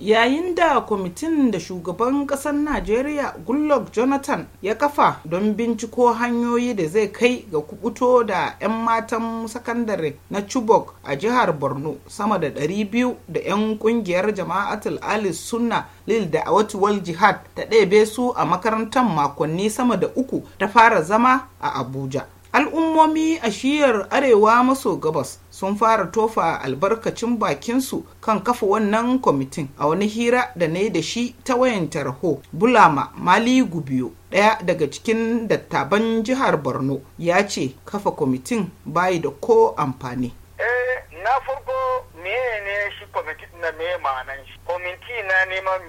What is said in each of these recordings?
yayin da kwamitin da shugaban kasar najeriya goodluck jonathan ya kafa don binciko hanyoyi da zai kai ga kubuto da 'yan matan sakandare na chibok a jihar borno sama da 200 da 'yan kungiyar jama'atul ali sunna lil da awatuwal jihad ta ɗebe su a makarantar makonni sama da uku ta fara zama a abuja al'ummomi a shiyar arewa maso gabas sun fara tofa albarkacin bakinsu kan kafa wannan kwamitin a wani hira da na yi da shi ta wayan tarho bulama mali gubiyo ɗaya daga cikin dattaban jihar borno ya ce kafa kwamitin bayi da ko amfani eh na farko meye ne shi kwamitin na ma'anan shi kwamiti na neman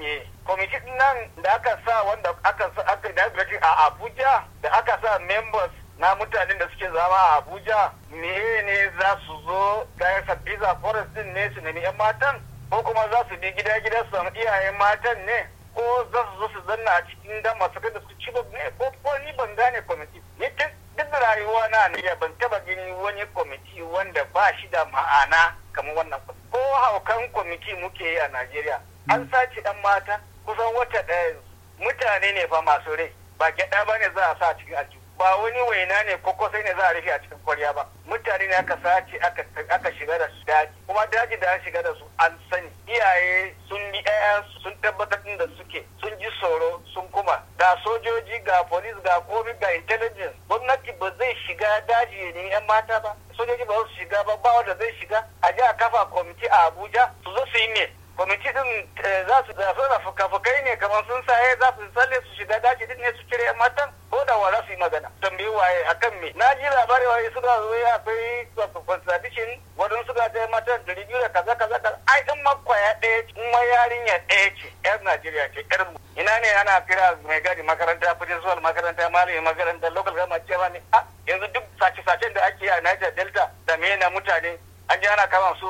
nan da aka sa wanda aka sa aka da a abuja da aka sa members na mutanen da suke zama a abuja ne ne za su zo kayan sabbiza forest din ne su nemi 'yan matan ko kuma za su bi gida gida su samu iyayen matan ne ko za su zo su zanna a cikin dan masu da su ci ne ko ko ni ban gane kwamiti ni duk rayuwa na ne ban taba gani wani kwamiti wanda ba shi da ma'ana kamar wannan ko haukan kwamiti muke yi a najeriya an sace dan mata kusan wata ɗaya mutane ne fa masu rai ba gyaɗa ba ne za a sa cikin aljihu ba wani waina ne ko kosai ne za a rufe a cikin kwarya ba mutane ne aka sace aka shiga da su daji kuma daji da an shiga da su an sani iyaye sun bi su sun tabbatar da suke sun ji tsoro sun kuma ga sojoji ga police ga komi ga intelligence gwamnati ba zai shiga daji ne yan mata ba sojoji ba su shiga ba ba wanda zai shiga a ji a kafa kwamiti a abuja su zo su yi ne kwamiti din eh, za su zafi fuka-fukai ne kamar sun saye eh, za su tsalle su shiga daji din ne su cire yan matan magana tambayi waye kan me na ji labarin waye suka zo ya akwai contradiction wadan suka ce mata dari biyu da kaza kaza kaza ai in kwaya ɗaya ce kuma yarinya ɗaya ce yar Najeriya ce yar mu ina ne ana kira mai gadi makaranta principal makaranta malami makaranta local government cewa ne a ah, yanzu duk sace-sacen da ake yi a Niger Delta da me na mutane an ji ana kama su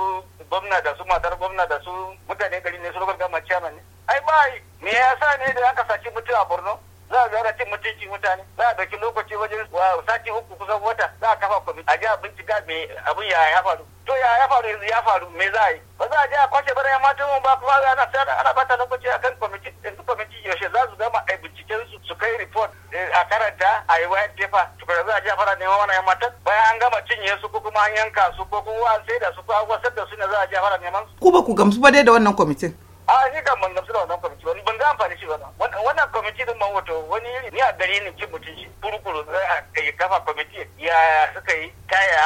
gwamna da su matar gwamna da su mutane gari ne su local government chairman ne ai ba me sa ne da aka saci mutum a Borno za a zauna cin mutunci mutane za a dauki lokaci wajen sati uku kusan wata za a kafa kwamiti a ja a bincika me abin ya ya faru to ya ya faru yanzu ya faru me za a yi ba za a ja a kwashe bara ya mata ba kuma ana ana bata lokaci akan kwamiti yanzu kwamiti yaushe za su gama a binciken su su kai report eh, a karanta a yi tefa to tukuna za a ja a fara neman wannan matan bayan an gama cinye su ko kuma an yanka su ko kuma an sai da su ko an wasar da su ne za a ja a fara neman su. ku ba ku gamsu ba dai da wannan kwamitin. a ni kan ban gamsu da wannan kwamiti wani ban ga amfani shi ba wannan kwamiti din man wato wani ni a gari ne cin mutunci kurukuru a yi kafa kwamiti ya suka yi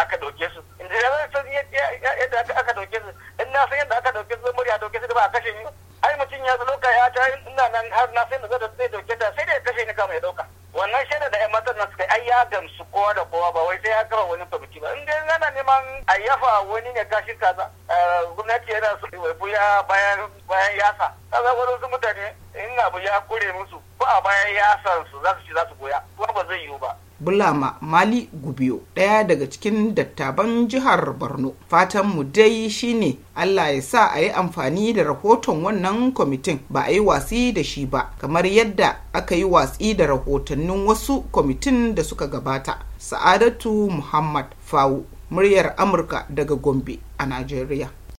aka dauke su inda ya san yadda aka dauke su in na san yadda aka dauke su dauke su da ba a kashe ni ai mutum ya zo ka ya ta ina nan har na san da zai dauke ta sai da ya kashe ni kama ya dauka wannan shaida da 'yan matan nan suka ai ya gamsu kowa da kowa ba wai sai ya kama wani kwamiti ba in dai yana neman a yafa wani ne kashi kaza eh, gwamnati yana so bu ya bayan bayan yasa kaga wani su mutane in abu ya kure musu ko a bayan yasan su za su ci za su goya kuma ba zai yiwu ba bulama mali gubiyo ɗaya daga cikin dattaban jihar borno fatan mu dai shine allah ya sa a yi amfani da rahoton wannan kwamitin ba a yi watsi da shi ba kamar yadda aka yi watsi da rahotannin wasu kwamitin da suka gabata sa'adatu muhammad fawu muryar amurka daga gombe a najeriya